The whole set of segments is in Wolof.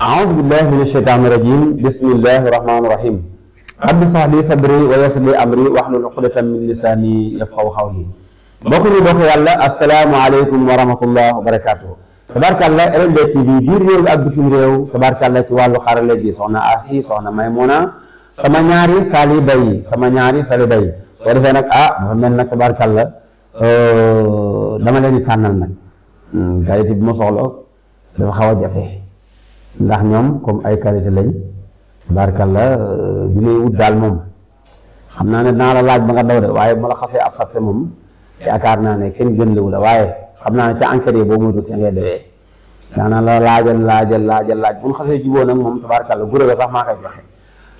أعوذ بالله من الشيطان الرجيم بسم الله الرحمن الرحيم رب اشرح لي صدري ويسر لي امري واحلل عقدة من لساني يفقهوا قولي بكر بك يا الله السلام عليكم ورحمه الله وبركاته تبارك الله ارن بي تي في دي ريو اك بوتي ريو تبارك الله تي والو خار لي سونا اسي سونا ميمونا سما نياري سالي باي سما نياري سالي باي ورفا نك اه من نك تبارك الله اه لي كانال نك دايتي بمو صولو دا خاوا جافي ndax ñoom comme ay qualité lañ barkalla la euh, may wut daal moom xam naa ne naa la laaj ba nga daw de waaye bu xasee ab sarte moom yaakaar naa ne kenn gën lewu la waaye xam naa ne ca enquête yi boobu moytu ci ngay doyee daanaa la laajal laajal laajal laaj bu ñu xasee juboo nag moom tabaarkàlla guré ga sax maa koy joxe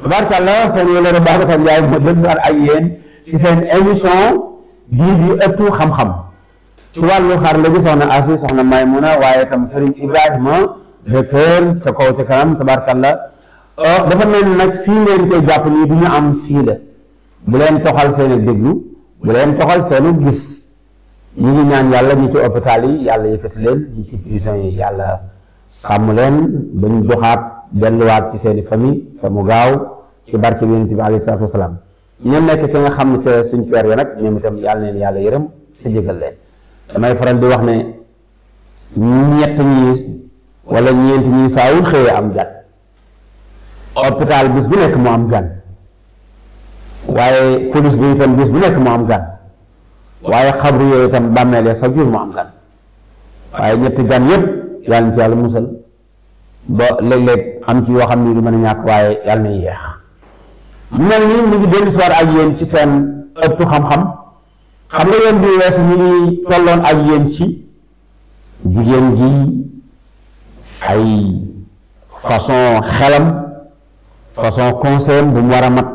tabaarkàlla seen yolore Babacar Ndiaye moo dël war ak yéen ci seen émission bii di ëttu xam-xam ci wàllu xar la gi soxna Asi soxna Maymuna waaye tam Sëriñ Ibrahima directeur ca kaw ca kanam tabarakallah euh dafa mel nak fi ngeen koy japp ni duñu am fi la bu len toxal seen deglu bu len toxal seen gis ñu ngi ñaan yalla ñu ci eh, hôpital yi yalla yëkëti leen ñu ci prison yi yalla sam leen ba doxat doxaat delluwaat ci seen famille te mu gaaw ci barke bi yonent bi alayhi salaatu wasalaam ñoom nekk ci nga xam te suñu coor ya nak ñoom itam yalla leen yalla yërem ci jëgal leen damay faral di wax ne ñett ñi wala ñeenti ñi saa xëyee am gan hôpital bis bu nekk mu am gan waaye police bi itam bis bu nekk mu am gan waaye xabru yooyu itam bàmmeele sa jur mu am gan waaye ñetti gan yépp yàlla na ci yàlla musal ba léeg-léeg am ci yoo xam ni du mën a ñàkk waaye yàlla na yéex mel ni mu ngi dellu ak yéen ci seen ëttu xam-xam xam nga yéen bi weesu ñu ngi tolloon ak yéen ci jigéen gi ay façon xelam façon conseil bu mu war a mat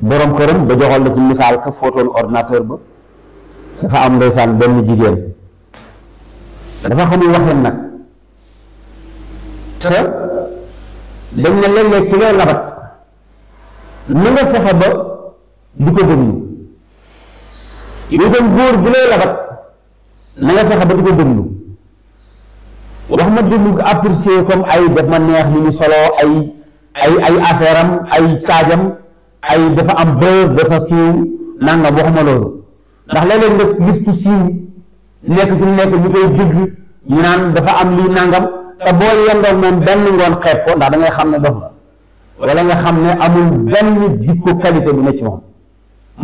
borom këram da joxoon la ci misaal ka footoon ordinateur ba dafa am ndeysaan benn jigéen dafa xamul waxeen nag te dañ ne léeg-léeg ki ngay labat na nga fexe ba di ko déglu yow itam góor bi lay labat na nga fexe ba di ko déglu wax ma dund apprécier comme ay daf ma neex ni ñu soloo ay ay ay affaire am ay caajam ay dafa am buzz dafa siiw nangam waxuma loolu ndax léeg-léeg nga gis ku siiw nekk ku nekk ñu koy dégg ñu naan dafa am lii nangam te boo yendoon moom benn ngoon xeeb ko ndax da ngay xam ne dof la wala nga xam ne amul benn jikko qualité bu ne ci moom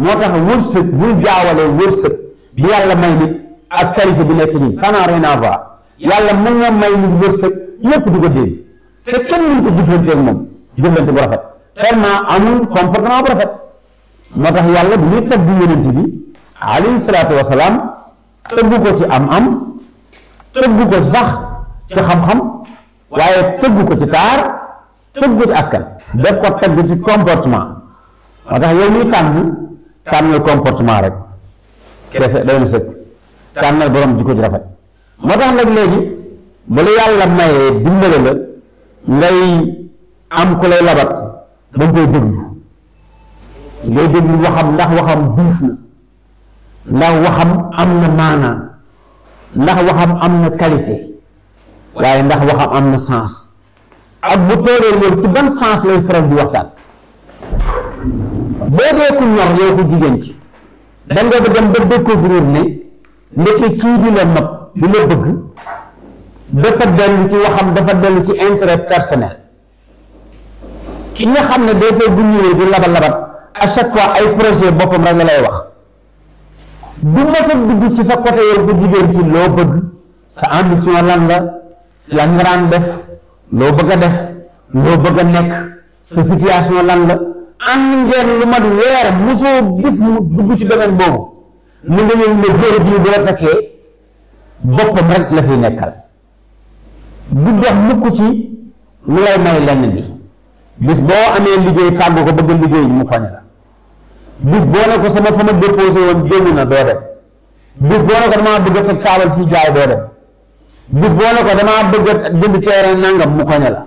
moo tax wërsëg bul jaawale wërsëg bi yàlla may nit ak qualité bi nekk nii ça n'a rien à voir yalla mën nga may lu wërsëg lépp du ko dénk té kenn mënu ko jëflanteeg moom jëflante bu rafet tellement amul comportement bu rafet motax yalla bu bu ñuy tagg yëneenti bi ali salaatu wasalaam teggu ko ci am-am teggu ko sax ci xam-xam waye teggu ko ci tar teggu ci askan da ko teggu ci comportement motax tax yow ñuy tànn tànnal comportement rek kessé day na sëkk tànnal borom jikko ji rafet moo tax nag léegi ba la yàlla mayee dimbale la ngay am ku lay labat da nga koy déglu ngay déglu waxam ndax waxam diis na ndax waxam am na maanaa ndax waxam am na qualité waaye ndax waxam am na sens ak bu tooree loolu ci ban sens lay faral di waxtaan boo dee ku ñor yow ku jigéen ci da nga dem ba découvrir ne ndeke kii bi la nopp bi ma bëgg dafa dellu ci waxam dafa dellu ci intérêt personnel ki nga xam ne des fois bu ñëwee di labat labat à chaque fois ay projet boppam rek la lay wax bu ma sa dugg ci sa côté yow bu jigéen ci loo bëgg sa ambition lan la lan nga daan def loo bëgg a def loo bëgg a nekk sa situation lan la am ngeen lu mat weer mosoo gis mu dugg ci domaine boobu mu nga ñëw ne góor boppam rek la fi nekkal du dox mukk ci lu lay may lenn bi bis boo amee liggéey tàggu ko bëgg liggéey mu fañ la bis boo ne ko sama fa ma déposé woon génn na doo dem bis boo ne ko damaa bëgg a teg taabal fii jaay doo dem bis boo ne ko damaa a mu koñe la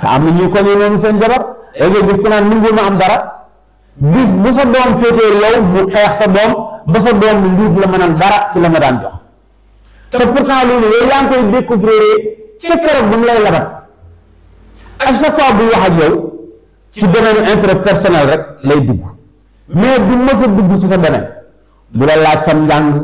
te am ñuy koñe noonu seen jabar léegi gis ko naan nungul ma am dara bis bu sa doom féetee yow mu xeex sa doom ba sa doom lu liit la mënal dara ci la ma daan jox te pourtant loolu yow yaa ngi koy découvrir ca keroog bu mu lay labat à chaque fois wax ak yow ci domaine intérêt personnel rek lay dugg mais du mës a dugg ci sa domaine du la laaj sam njàng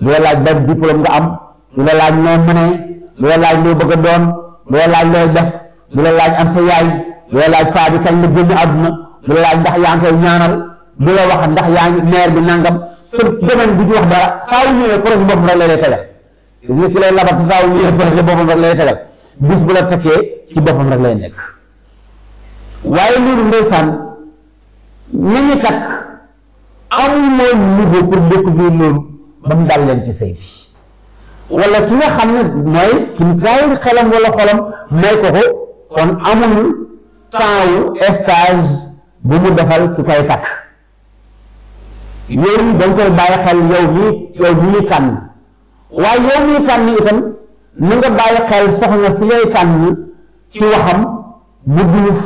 du la laaj ban diplôme nga am du la laaj noo mënee du la laaj loo bëgg a doon la laaj looy def du la laaj am sa yaay du la laaj paa bi kañ la génn àdduna du la laaj ndax yaa ngi koy ñaanal du la wax ndax yaa ngi bi nangam sa domaine bu ci wax dara saa yu ñëwee projet boobu lay tegal nit ki lay labat saa wu ñuy bëri ci boppam rek lay tegal bis bu la tekkee ci boppam rek lay nekk waaye loolu ndeysaan ñi ñu takk amul woon niveau pour découvrir loolu ba mu dal ci sëy bi ki nga xam ne mooy ki mu may ko ko amul temps wu bu mu defal ki koy takk yooyu da nga koy bàyyi xel yow mi yow waaye yow miy tànn itam na nga bàyyi xel soxna si ngay tànn ci waxam bu duuf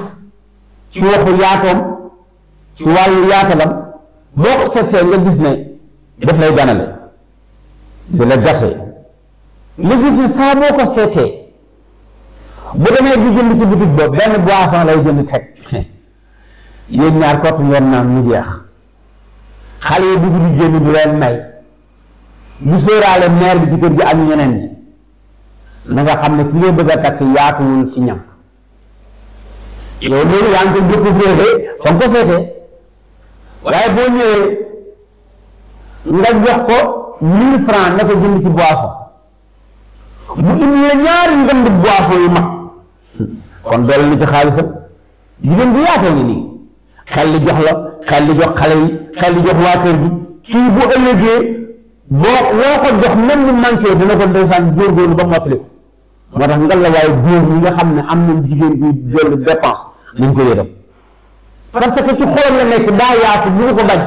ci waxu yaatoom ci wàllu yaatalam boo ko seetsee nga gis ne daf lay ganale di la gàtte nga gis ne saa boo ko seetee bu demee di jënd ci boutique ba benn boisson lay jënd teg yéen ñaar kott ngeen naan mu jeex xale yi dugg di génn du leen may mu sóoraale maire bi kër gi ak ñeneen ñi na nga xam ne ki nga bëgg a takk yaatuwul ci ñam yow loolu yaa ngi ko njëkk féete fa nga ko féete waaye boo ñëwee nga jox ko mille francs na ko jënd ci boisson mu indi la ñaari ngënd boisson yu mag kon doole na ci xaalisam jigéen bu yaatoo ngi nii xel li jox la xel jox xale kër gi kii bu ëllëgee boo loo ko jox même lu manqué dina ko ndeysaan góorgóorlu ba mottali ko moo tax ngal la waaye góor ñi nga xam ne am nañ jigéen ñi jël dépense nañ ko yëram parce que ci xolam la nekk daa yaatu bu ko bañ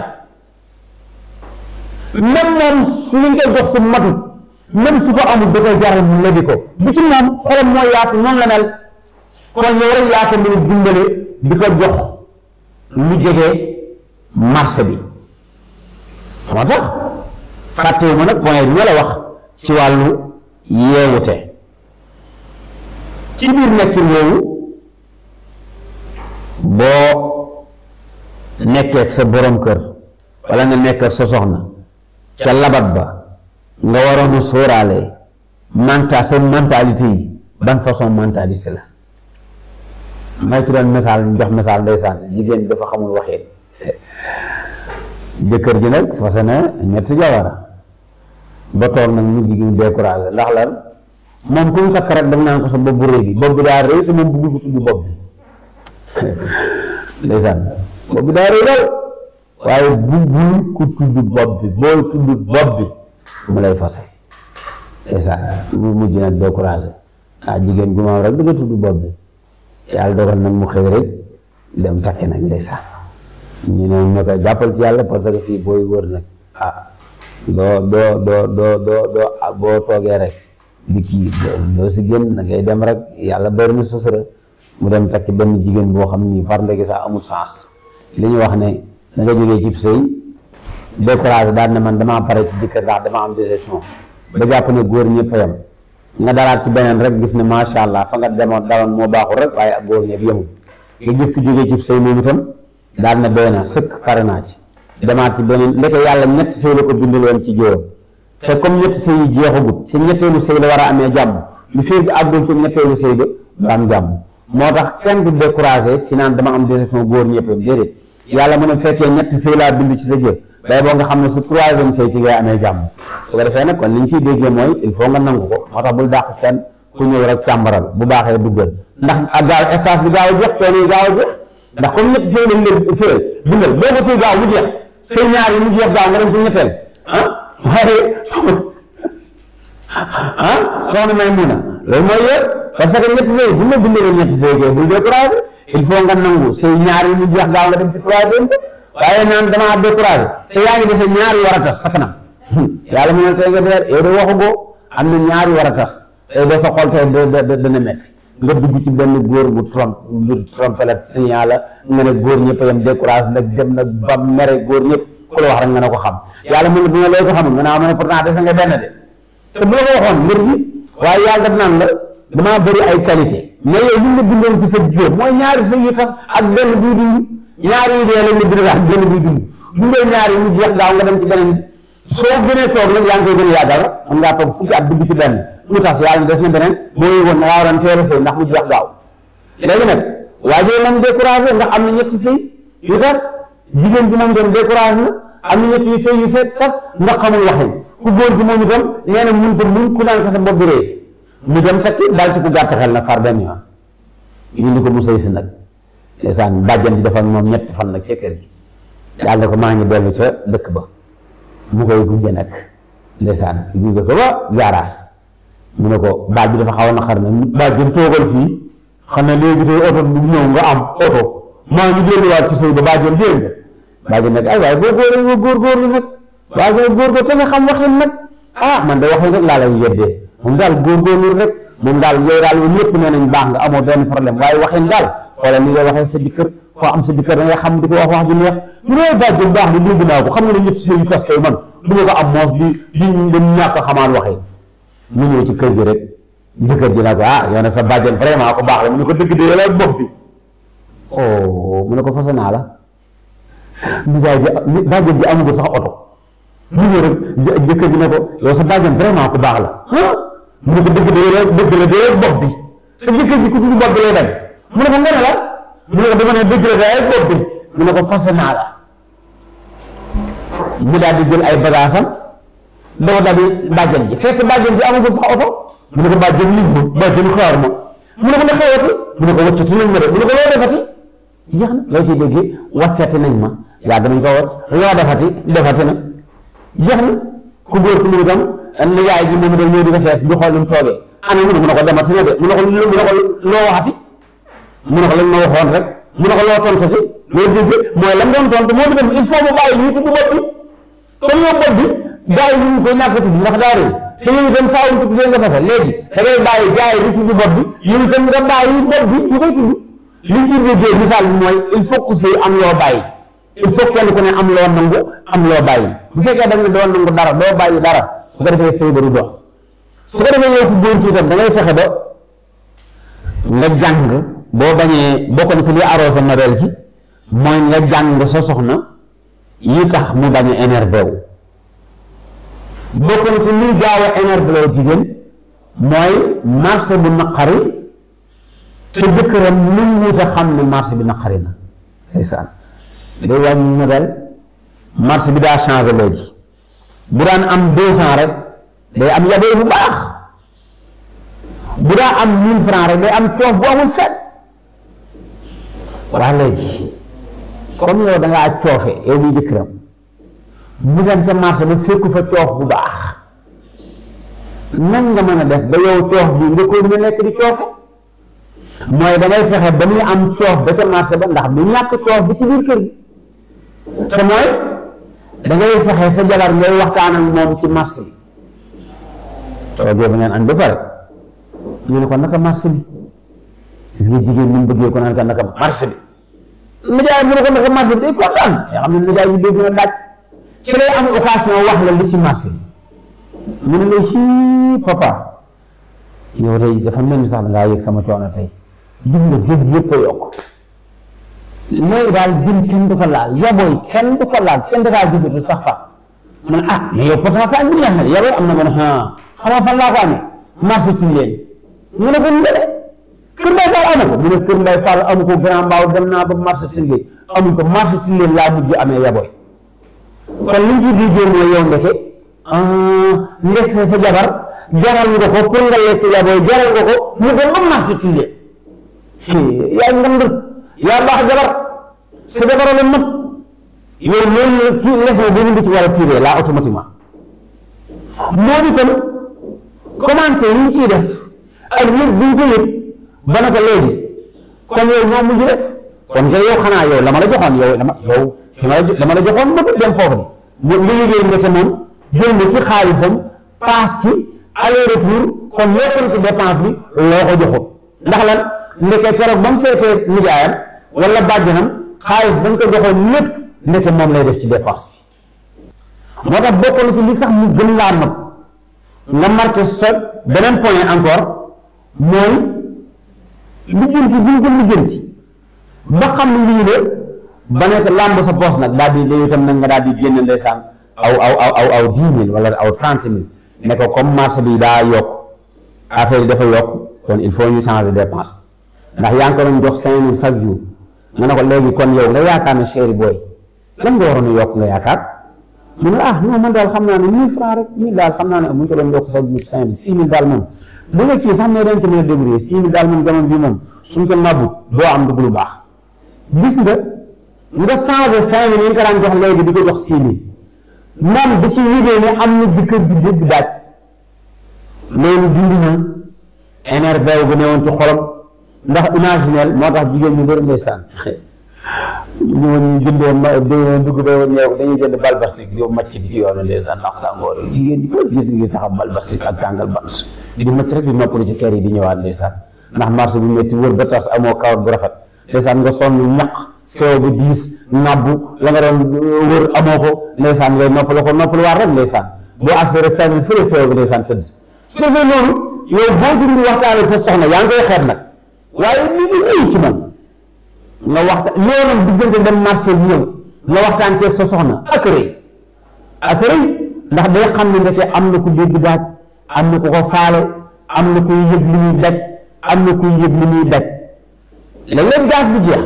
même moom su ñu koy jox su matut même su ko amul da koy jaral mu lebi ko bu ci moom xolam moo yaatu noonu la mel kon yow rek yaa ko mën a dimbale di ko jox lu jege marché bi moo tax fàttewuma nag point bi ma la wax ci wàllu yeewute ci biir nekkin woowu boo nekkeek sa borom kër walla nga nekk sa soxna ca labat ba nga waroon a sóoraale manta sa mentalité yi ban façon mentalité la may ci doon misaal jox misaal ndeysaan jigéen dafa xamul waxee jëkër ji nag fase na ñetti jawara ba toog nag mu jigéen découragé ndax lan moom ku takk rek daf naan ko sa bobu bu bi bobu bi daa rëy te moom bëggul ko tudd bopp bi ndeysaan bopp bi daa rëy lool waaye bëggul ku tudd bopp bi boo tudd bopp bi mu lay fase ndeysaan mu mujj nag découragé ah jigéen gu maam rek da nga tudd bopp bi yàlla dogal nag mu xëy rek dem takki nag ndeysaan ñu ne ma koy jàppal ci yàlla parce que fii booy wër nag ah doo doo doo doo doo doo ah, boo toogee rek di kii doo si génn da dem rek yàlla bari na sutura mu dem takk benn jigéen boo xam ni far ndeke sax amul sens li ñu wax ne da nga jógee cib sëy découragé daal ne man damaa pare ci jëkkër ndax dama am déception ba jàpp ne góor ñëpp yam nga dalaat ci beneen rek gis ne macha allah fa nga demoon daloon moo baaxul rek waaye ak góor ñëpp yemul nga gis ku jógee cib sëy moom itam daal na doy na sëkk pare naa ci demaat ci beneen ndeke yàlla ñetti sëy la ko bindaloon ci juróom te comme ñetti sëy yi jeexagut te ñetteelu sëy la war a amee jàmm lu fiir bi àggul te moo tax kenn du découragé naan dama am déception góor ñëpp déedéet yàlla mu ne fekkee ñetti sëy laa bind ci sa jëf nga xam ne su troisième sëy ci ngay amee jàmm su ko defee nag kon li ñu ciy déggee mooy il faut nga nangu ko moo tax bul dàq kenn ku ñëw rek càmbaral bu baaxee duggal ndax ak gaaw stage bi gaaw a jeex coono yi gaaw a jeex ndax comme ñett sëy lañ leen sëyal bindal gaaw mu jeex sëy ñaar yi mu jeex gaaw nga dem ci ñetteel ah waaye ah soxna may mun a loolu mooy yéen parce que ñetti sëy bu ma bindee il faut nga nangu sëy ñaar mu jeex gaaw nga dem ci troisième bi waaye naan damaa découragé te yaa ngi dese ñaar yu war a tas sa kanam yàlla mu ne tey nga deer yow eh, de waxu go am na ñaar yu war a tas tey eh, doo sa xol nga dugg ci benn góor bu trompe bu trompe la triant la nga ne góor ñëpp yam décourage nag dem nag ba mere góor ñëpp ku la wax rek nga ne ko xam yàlla mu ne bu nga looy ko xamul nga naa ma ne pourtant dese nga benn de te bu la ko waxoon mbir gi waaye yàlla daf naan la dama bëri ay qualité mais yow li nga bindoon ci sa jigéen mooy ñaari sa yu tas ak benn buy dund ñaar yi dee lañ la bind ak benn buy dund bu ngay ñaar yi mu jeex daaw nga dem ci beneen soo gënee toog nag yaa ngi koy gën a yàggal xam ngaa toog fukki at dugg ci benn lu tas yaa ngi des na beneen boo yëgoon na ngaa waroon a sëy ndax mu jeex gaaw léegi nag ndax am na ñetti sëy yu tas jigéen ji moom doon découragé na am na ñetti yu sëy yu seet tas ndax xamul waxin ku góor gi moom itam nee na mun ko mun ku naan ko sa bopp bi rëy mu dem takki daal ci ku gàtt xel nag far benn yoon indi ko mu sëy si nag ndeysaan bàjjan di defoon moom ñetti fan nag ca kër gi daal ne ko maa ngi dellu ca dëkk ba mu koy gunge nag ndeysaan gunge ko ba gaaraas mu ne ko baaj bi dafa xaw a naqar ne baaj bi toogal fii xam ne léegi tey oto bu ñëw nga am oto maa ngi delluwaat ci sëy ba baajoon dégg nga baajoon nag ay waaye boo góor nga góorgóorlu nag baajoon góor te nga xam waxin nag ah man de waxin rek laa lay yeddee moom daal góorgóorlu rek moom daal yow daal yow ñëpp nee nañ baax nga amoo benn problème waaye waxin daal xoolal ni nga waxee sa jëkkër koo am sa jëkkër da nga xam di ko wax wax ju neex mu ne baajoon baax na dégg naa ko xam nga ne ñëpp si yu tas kay man du nga ko am moos bi di dem ñàkk xamaan waxee mu ñëw ci kër gi rek jëkkër ji naa ko ah sa bàjjen vraiment ko baax la mu ne ko dëgg de yàlla bopp bi oh mu ne ko sax oto mu ñëw rek jëkkër ji baax la mu ne ko dëgg de yàlla la de yàlla bi te jëkkër ji ku tudd bopp bi lay dem mu ne ko nga ne la mu ne ko dama ne dëgg la de yàlla bi mu ne ko fase naa la mu daal di jël ay bagaasam dama daal di bàjjan ji fekk bàjjan ji amagul sax oto mu ne ko bàjjan lig ma bàjjan xaar ma mu ne ko la xewati mu ne ko waccati nañ ma de mu ne ko loo defati jeex na loo ciy déggee waccati nañ ma yàgg nañ ko wacc loo defati defati na jeex na ku góor ku mu itam nijaay ji moom da ñëw di ko fees di xool ni mu toogee ana mu ne mu ne ko demal si na de mu ne ko mu ne ko loo waxati mu ne ko lañ ma waxoon rek mu ne ko loo tontati loo dégg mooy lam doon tontu moo di dem il faut mu bàyyi ñu tudd bopp bi comme yow bopp bi jaay ñu ko ñàkkati ndax daa réew te yow itam saa yu léegi da ngay bàyyi jaay di bi ñu koy tudd li ñu ci déggee bi mooy il faut que am loo bàyyi il faut kenn ku ne am loo nangu am loo bàyyi bu fekkee da nga doo nangu dara doo bàyyi dara su ko defee sëy ba du dox su ko defee yow ku góor ki itam da fexe ba nga jàng boo bañee bokk na ci li arrosé mareel gi mooy nga jàng sa soxna yi tax mu bañ a bokk na ci luy gaaw a énervé jigéen mooy marché bu naqari te jëkkëram lu mu xam ne marché bi naqari na ndeysaan day wàññi modèle marché bi daa changé léegi bu daan am deux cent rek day am yabee bu baax bu daa am mille franc rek day am coof bu amul fet waa léegi comme yow da coofe yow muy jëkkëram mu dem ca marché ba fa coof bu baax nga mën def ba yow coof bi nga nekk di coofe mooy da fexe ba muy am coof ba ca marché ba ndax du ñàkk coof bi ci biir kër gi te mooy da ngay fexe sa jabar ngay waxtaan ak moom ci marché bi toogee ba ngeen añ ba pare ñu ne ko naka marché bi gis nga jigéen ñi mu bëggee ko naan ko naka bi nijaay mu ne ko naka marché bi day kontaan yoo xam ne nijaay bi dégg na daaj ci lay am occasion wax la li ci marché bi mu ne la sii papa yow day dafa mel ni sax dangaa yëg sama coono tey gis nga jëg yëpp a yokk mooy daal jën kenn du ko laal yabooy kenn du ko laal kenn da kaa gisatu sax fa man ah mais yow pourtant saa ñu neex na yabooy am na ma ne ah xamoo fan laa ko amee marché Tilène mu ne ko mbéle Kër Mbaye Fall amu ko mu ne Kër Mbaye Fall amu ko Grand Mbao dem naa ba marché Tilène amu laa mujj amee kon liñ ci déggee mooy yow ah, ndeke nekk sa sa jabar jaral nga ko pour nga lekk jabar jaral nga ko mu dem ba marché tuile yaa ngand yaa baax jabar sa jabar la mat yow loolu kii mu ci war a tuile la automatiquement ciy def ak yëg bi ñu ko yëg kon yow ñoo mujj def kon nga yow xanaa yow la ma la joxoon yow la ma la ma la joxoon dem foofu mu liggéey nga ca moom jël na ci xaalisam paas ci aller retour kon léppal ci dépense bi loo ko joxut ndax lan ndeke keroog ba mu seetee nijaayam wala bàjjanam xaalis ba ñu ko joxoon lépp ndeke moom lay def ci dépense bi moo tax bokkul ci li tax mu gën laa nopp nga marqué sa beneen point encore mooy lijjanti bi ñu ko lijjanti ba xam lii de ba nekk làmb sa poos nag daal di léegi itam nag nga daal di génn ndeysaan aw aw aw aw dix mille wala aw trente mille ne comme marché bi daa yokk affaire yi dafa yokk kon il faut ñu changer dépense ndax yaa ngi ko doon jox cinq mille nga ne ko léegi kon yow nga yaakaar ne chéri booy lan nga waroon a yokk nga yaakaar mu ne ah ma man daal xam naa ne mille francs rek mille daal xam naa ne amuñu ko doon yokk chaque cinq mille six mille daal moom bu nga kii sax mais dañ ko mën a débrouiller am dugg lu baax gis nga nga changé cinq mille yi nga daan jox léegi di ko jox six mille moom da ci yëgee ne am na dëkk bi dëgg daaj loolu dund na énervé gu newoon ci xolam ndax imaginel moo tax jigéen ñu bëri ndeysaan ñu woon ñu jëndoon ma dugg ba woon yow dañuy jënd bal barsik yow màcc di ci yoonu ndeysaan ndax tàngoor jigéen ñi ko gis ngi saxam bal barsik ak tàngal bant di màcc rek di noppalu ci kër yi di ñëwaat ndeysaan ndax marché bu métti wër ba tas amoo kawar bu rafet ndeysaan nga sonn ñaq sew bu diis nabbu la nga doon euh, wër amoo ko ndeysaan ngay noppal ko noppal waar rek ndeysaan boo accès rek sànni fële sew bi ndeysaan tëdd su defee noonu yow boo jurul waxtaanee sa soxna yaa ngi koy xeet nag waaye nit ñi ay ci man nga waxta loolu nag diggante dem waxtaan teeg sa soxna ak rëy ak rëy xam ne ndeke am na ku dégg daaj am na ku ko faale am na kuy am na ku yëg li muy daj léeg-léeg gaz bi jeex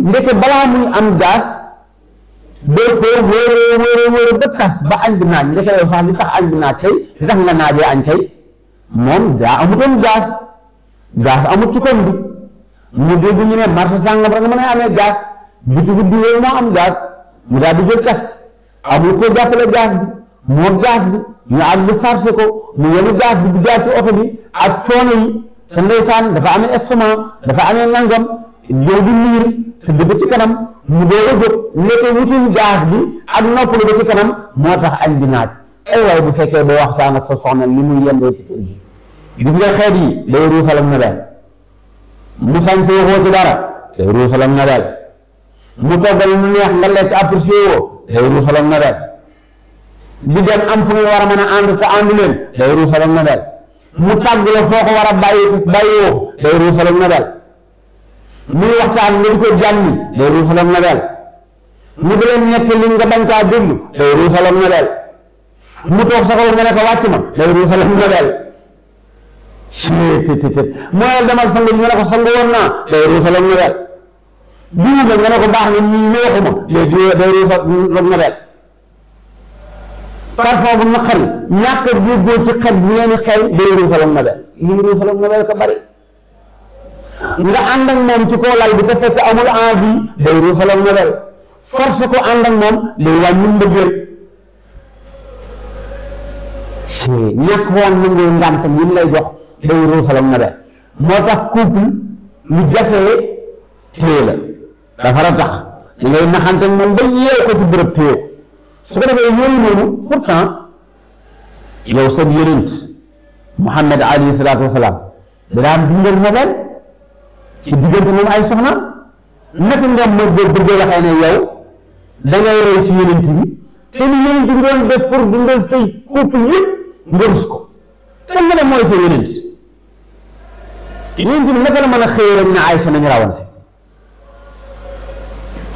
ndeke balaa muy am gaz des fois wóoree wóoree wóoree ba tas ba añ bi naaj ndeke yow sax li tax añ bi naaj tey li tax nga naajee añ tey moom daa amutoon gaz gaz amut ci koñ bi mu dégg ñu ne marché sàngam rek mën a amee gaz bitigu bi wéy moo am gaz mu daal di jël tas amul ko jàppale gaz bi moo gaz bi ñu àgg di chargé ko mu yenu gaz bi di jaar ci oto bi ak coono yi te ndeysaan dafa amee estomac dafa amee nangam yow di liir te bu ci kanam mu doog a jóg nekk wutum gaz bi ak noppalu ba ci kanam moo tax añ bi naaj bu fekkee ba wax saa sa soxna li muy yendoo ci kër gi gis nga xeet yi day ruusalam na daal mu sañ see woo ci dara day ruusalam na daal mu toggal mu neex nga lekk apprécié woo day ruusalam na daal fu war a mën a ànd leen day ruusalam na mu tàgg la foo ko war a bàyyi bàyyi woo day na daal muy waxtaan nga di ko jànni day ruusalam na del mu di leen ñett li nga bañ kaa déglu day ruusalam na mu toog sa kaw nga ne ko wàcc ma day ruusalam na del tt mu ne demal sangu nga ne ko sangu woon naa day ruusalam na del diwu nga nga ne ko baax na ñi neexuma bu naqari ñàkk a déggoo ci xel bi ngeen xel day ruusalam bari nga ànd ak moom ci kaw lal bi te fekk amul envie day ruusalam nga dal force ko ànd ak moom day wàññi mbëggeel ñàkk woon mu ngay ngàntam yi mu lay jox day ruusalam nga moo tax couple lu jafee téye la dafa ra tax da ngay naxante ak moom ba yeew ko ci bërëb téye ko su ko defee yooyu noonu pourtant yow seen yonent Muhammad alayhi salaatu wasalaam da daan dundal ci diggante moom ay soxna naka nga ma bëgg waxee ne yow da ngay ci yonent bi te ni yonent bi doon def pour dundal say couple yëpp nga rus ko kan nga ne mooy sa yonent yonent bi naka la mën a xëy rek ne Aysa nañu rawante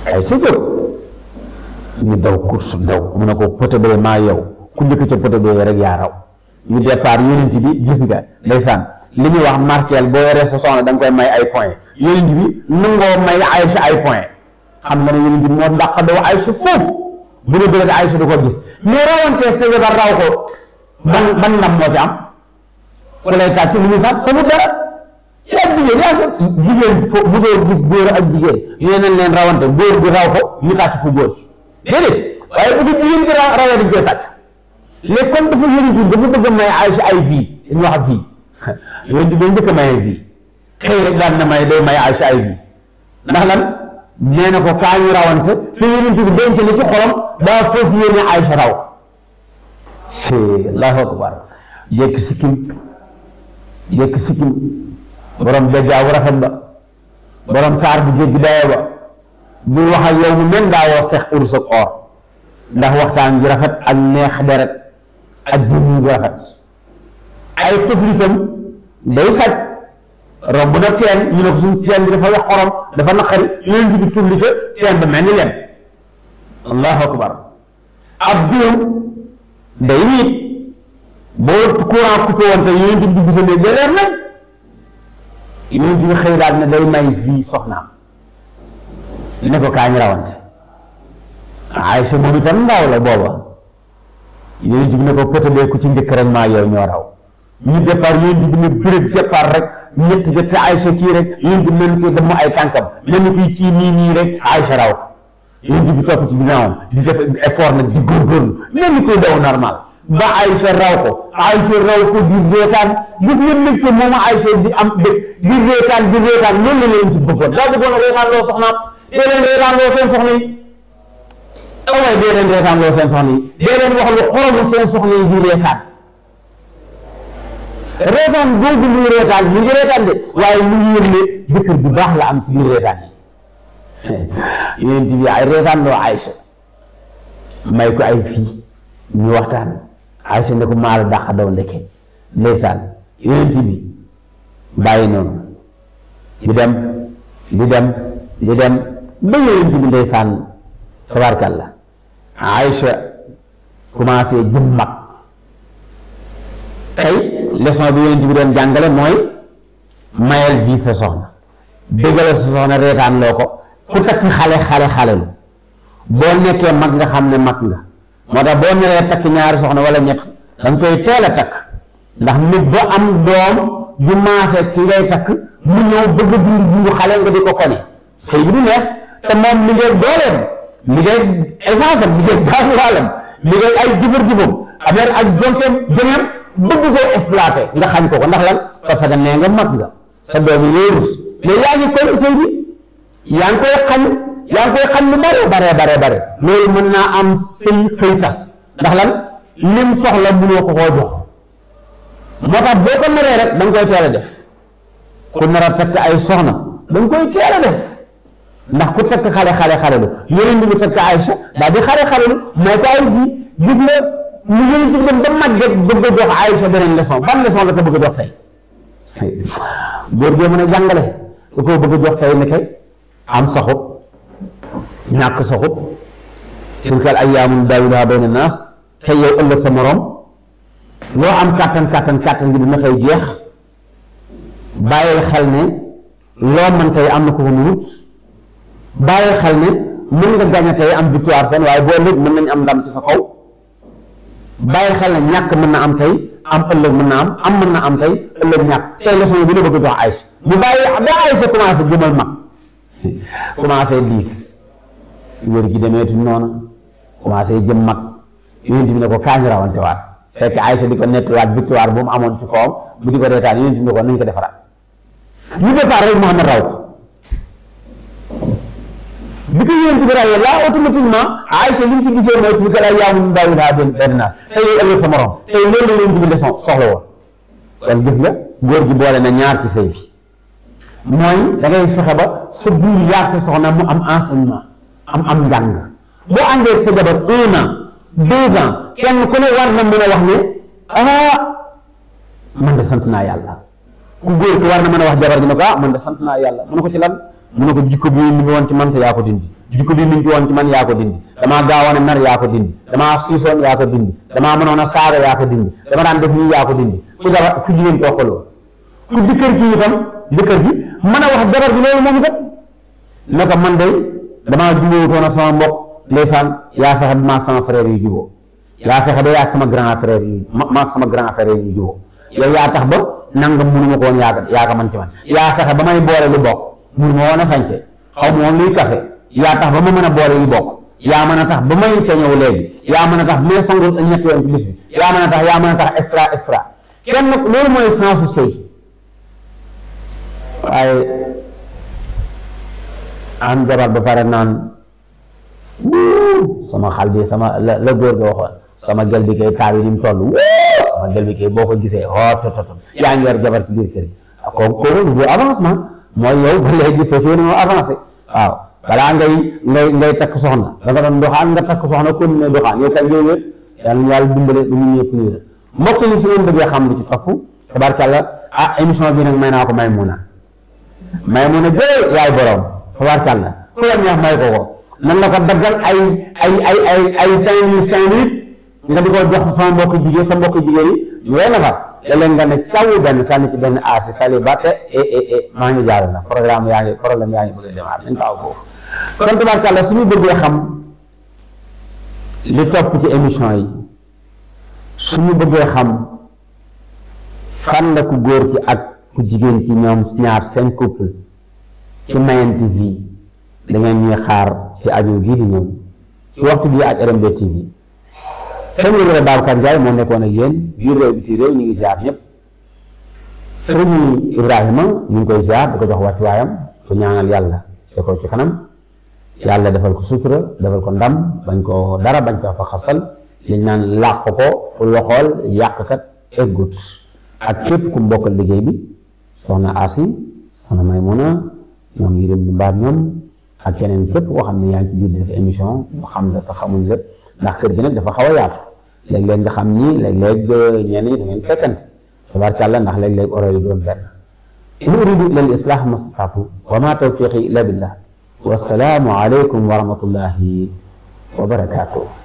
Aysa jóg ñu daw course daw mu ne ko pote maa yow ku njëkk ca pote rek yaa raw ñu départ yonent bi gis nga ndeysaan li ñuy wax markeel boo yoree sa soxna da nga koy may ay point yonent bi nangoo may Aysa ay point xam nga ne yonent bi moo dàq doo Aysa foofu bu ñu bëggee Aysa du ko gis mais rawantee sa jabar raw ko ban ban ndam moo ci am fu lay tàcc lu ñu sax sama dara yaa jigéen yaa sa jigéen fo mosoo gis góor ak jigéen ñu ne nañ leen rawante góor bi raw ko ñu tàcc ku góor ci déedéet waaye bu ko jigéen bi rawee dañ koy tàcc léegi comme dafa yonent bi dafa bëgg may Aysa ay vie dañu wax yonent bi njëkk a maye vie xëy rek daan na may day may ay si ay vie ndax lan nee na ko kaa ñu rawante fi yonent bi denc na ci xolam daa fas yéene ay sa raw si allahu akbar yëkk sikkim yëkk sikkim borom dajaaw rafet ba borom taar bu jéggi dayo ba muy wax ak yow mu mel daa woo seex urus ak or ndax waxtaan bi rafet ak neex deret ak jëmm bu rafet ay tëflitam day faj romb na teen ñu ne ko suñu teen bi dafa wax xorom dafa naqari yonent bi tëflita teen ba mel ni lem allahu akbar ab juróom day wiit boo courant coupé woon te yonent bi di gisandee day leer nag yonent bi xëy daal ne day may vie soxnaam ne ko kaa ñu rawante Aysa moom itam ndaw la booba yonent bi ne ko pëtëlee ku ci njëkk rek maa ñoo raw ñu départ yéen di dina rek ñett ja te Aïcha kii rek yéen di mel ay tànkam mel ni koy kii nii nii rek Aïcha raw yéen di bi topp ci ginnaawam di def effort nag di góorgóorlu mel ni koy daw normal ba Aïcha raw ko Aïcha raw ko di reetaan gis nga mbégte moom Aïcha di am bég di reetaan di reetaan loolu la leen ci bëggoon daa a reetaan loo soxnaam dee leen reetaan loo seen soxna yi waaye dee leen reetaan loo seen soxna reetaan boobu muy reetaan mu ngi reetaan de waaye mu ngi yëg ne bëkkër bu baax la am ci biir reetaan yi yéen bi reetaan loo Aïcha may ko ay fii ñu waxtaan Aïcha ne ko maa la dàq daw ndeke ndeysaan yéen bi bàyyi noonu di dem di dem di dem ba bi ndeysaan tabarkàlla Aïcha commencé jëm mag leçon bi yonent bi doon jàngale mooy mayal vie sa soxna bëggale sa soxna reetaan loo ko ku takk xale xale xale lu boo nekkee mag nga xam ne mag nga moo tax boo neree takk ñaari soxna wala ñett danga koy teel a takk ndax nit ba am doom yu maase ki ngay takk mu ñëw bëgg dund dundu xale nga di ko kone sëy bi du neex te moom mi ngay dooleem mi ngay essence am ngay baax waalam mi ngay ay jëfër jëfam affaire ak jonteem jëneem bëgg koo exploité nga xañ ko ko ndax lan parce nee nga mag nga sa doom yi ngay rus yaa ngi koy sëy bi yaa ngi koy xañ lu bare bare bare bare loolu mën naa am sëy xëy tas ndax lan lim soxla mënoo ko koo jox moo tax boo ko naree rek da koy teel a def ku nar takk ay soxna da nga koy teel def ndax ku takk xale xale xale lu yeneen bi mu takk Aïcha daal di xale xale lu may ko ay ji gis nga mu jëriñ ci dem ba màgget bëgg a jox Aïcha beneen leçon ban leçon la ko bëgg a jox tey góor gee mën a jàngale da koo bëgg a jox tey ne kay am saxub ñàkk saxub tilka al ayyaamu daawiluhaa bayna naas tey yow ëllëg sa morom loo am kàttan kàttan kàttan gi dina fay jeex bàyyil xel ne loo mën tey am na ko mu wut bàyyil xel ne mën nga gañ a tey am victoire fan waaye boo léegi mën nañu am ndam ci sa kaw bàyyi xel na ñàkk mën na am tey am ëllëg mën na am am mën na am tey ëllëg ñàkk tey leçon bi la bëgg jox Aïcha bu bàyyi ba Aïcha commencé jëmal mag commencé diis wér gi demeetu noona commencé jëm mag yonent bi ne ko kaañu rawante waat fekk Aïcha di ko nettuwaat victoire bu mu amoon ci kawam bu di ko reetaan yonent bi ko nañ ko defaraat ñu départ rek Muhammad raw bi ko yéen bi ràññee laa automatiquement Aïcha li ñu ci gisee mooy ci bi ko ràññee amul ndaw daa benn benn naas tey yow ëllëg sa morom tey loolu la leen digle soxla woon kon gis nga góor gi boole na ñaar ci sëy bi mooy da ngay fexe ba sa buur yaag sa soxna mu am enseignement am am njàng boo àndee sa jabar un an deux ans kenn ku ne war na mën a wax ne ah man de sant naa yàlla ku góor ki war na mën a wax jabar gi ne ko ah man de sant naa yàlla mu ne ko ci lan mu ne ko jikko bi mi ngi woon ci man te yaa ko dindi jikko bi mi ngi woon ci man yaa ko dindi damaa gaawoon a mer yaa ko dindi damaa siisoon yaa ko dindi damaa mënoon a saara yaa ko dindi dama daan def nii yaa ko dindi ku jabar ku jigéen koo xooloo ku jëkkër ji itam jëkkër ji mën a wax jabar bi loolu moom itam ne man day damaa jubóowutoon ak sama mbokk ndeysaan yaa fexe ba maag sama frère yi jubóo yaa fexe ba yaag sama grand frère yi sama grand frère yi yaa tax ba nangam mënuma ko woon yaa yaa ko man ci man yaa fexe ba may mun ma woon a sañse xaw ma woon luy kase yaa tax ba ma mën a boole yu bokk yaa mën a tax ba may peñew léegi yaa bi yaa mën a tax yaa mën a tax extra extra kenn nag loolu mooy sensu sëy waaye ba pare naan sama xal bi sama la la góor ga waxoon sama gel bi kay taar yi ni mu toll sama gel bi kay boo ko gisee hoo tot yaa ngi jabar ci biir kër gi kooku kooku du avancement mooy yow ba léegi fas yéene moo avancé waaw balaa ngay ngay ngay takk soxna da nga doon doxaan nga takk soxna continuer doxaan yow kay yooyu yëpp yàlla na yàlla dimbale ba ñu ñëpp ñu mbokk yi su ngeen bëggee xam lu ci topp tabarkàlla ah may naa ko Maymuna Maymuna jël yaay borom tabarkàlla ku la neex may ko ko nan la ko daggal ay ay ay ay ay cinq mille cinq nga di ko jox sama mbokk jigéen sa mbokk jigéen yi yooyu na fa léeg-léeg nga ne cawu benn sànni ci benn aasi sali ba te e, e, e, maa ngi jaarale na programme yaa ngi problème yaa ngi bëgg a démarrer nañ ko aw foofu kon tabarkàlla suñu bëggee xam li topp ci émission yi su suñu bëggee xam fan la ku góor ki ak ku jigéen ci ñoom ñaar seen couple ci Mayenne TV da ñuy xaar ci aju gii di ñëw ci waxtu bii ak RMB sëñ Ibrahima Babacar Ndiaye moo nekkoon ak yéen biir réew ñu ngi jaar ñëpp sëñ Ibrahima ñu ngi koy jaar di ko jox wàccuwaayam ko ñaanal yàlla te ko ci kanam yàlla defal ko sutura defal ko ndam bañ ko dara bañ ko fa xasal liñ naan làq ko fu loxool yàqkat eggut ak képp ku mbokkal liggéey bi soxna Asi soxna Maymuna ñoom Yirim Mbaar ñoom ak keneen képp koo xam ne yaa ngi ci biir def émission xam la te xamuñ lépp نحن ግን ደፈ ኸወያት ለግለግ ደኸምኒ ለግለግ ኘኒ ድምን ፈተን ተባርካላ እንዳህ ለግለግ ኦረዲ ዶለን إن أريد إلا الإصلاح ما استطعت وما توفيقي إلا بالله والسلام عليكم ورحمة الله وبركاته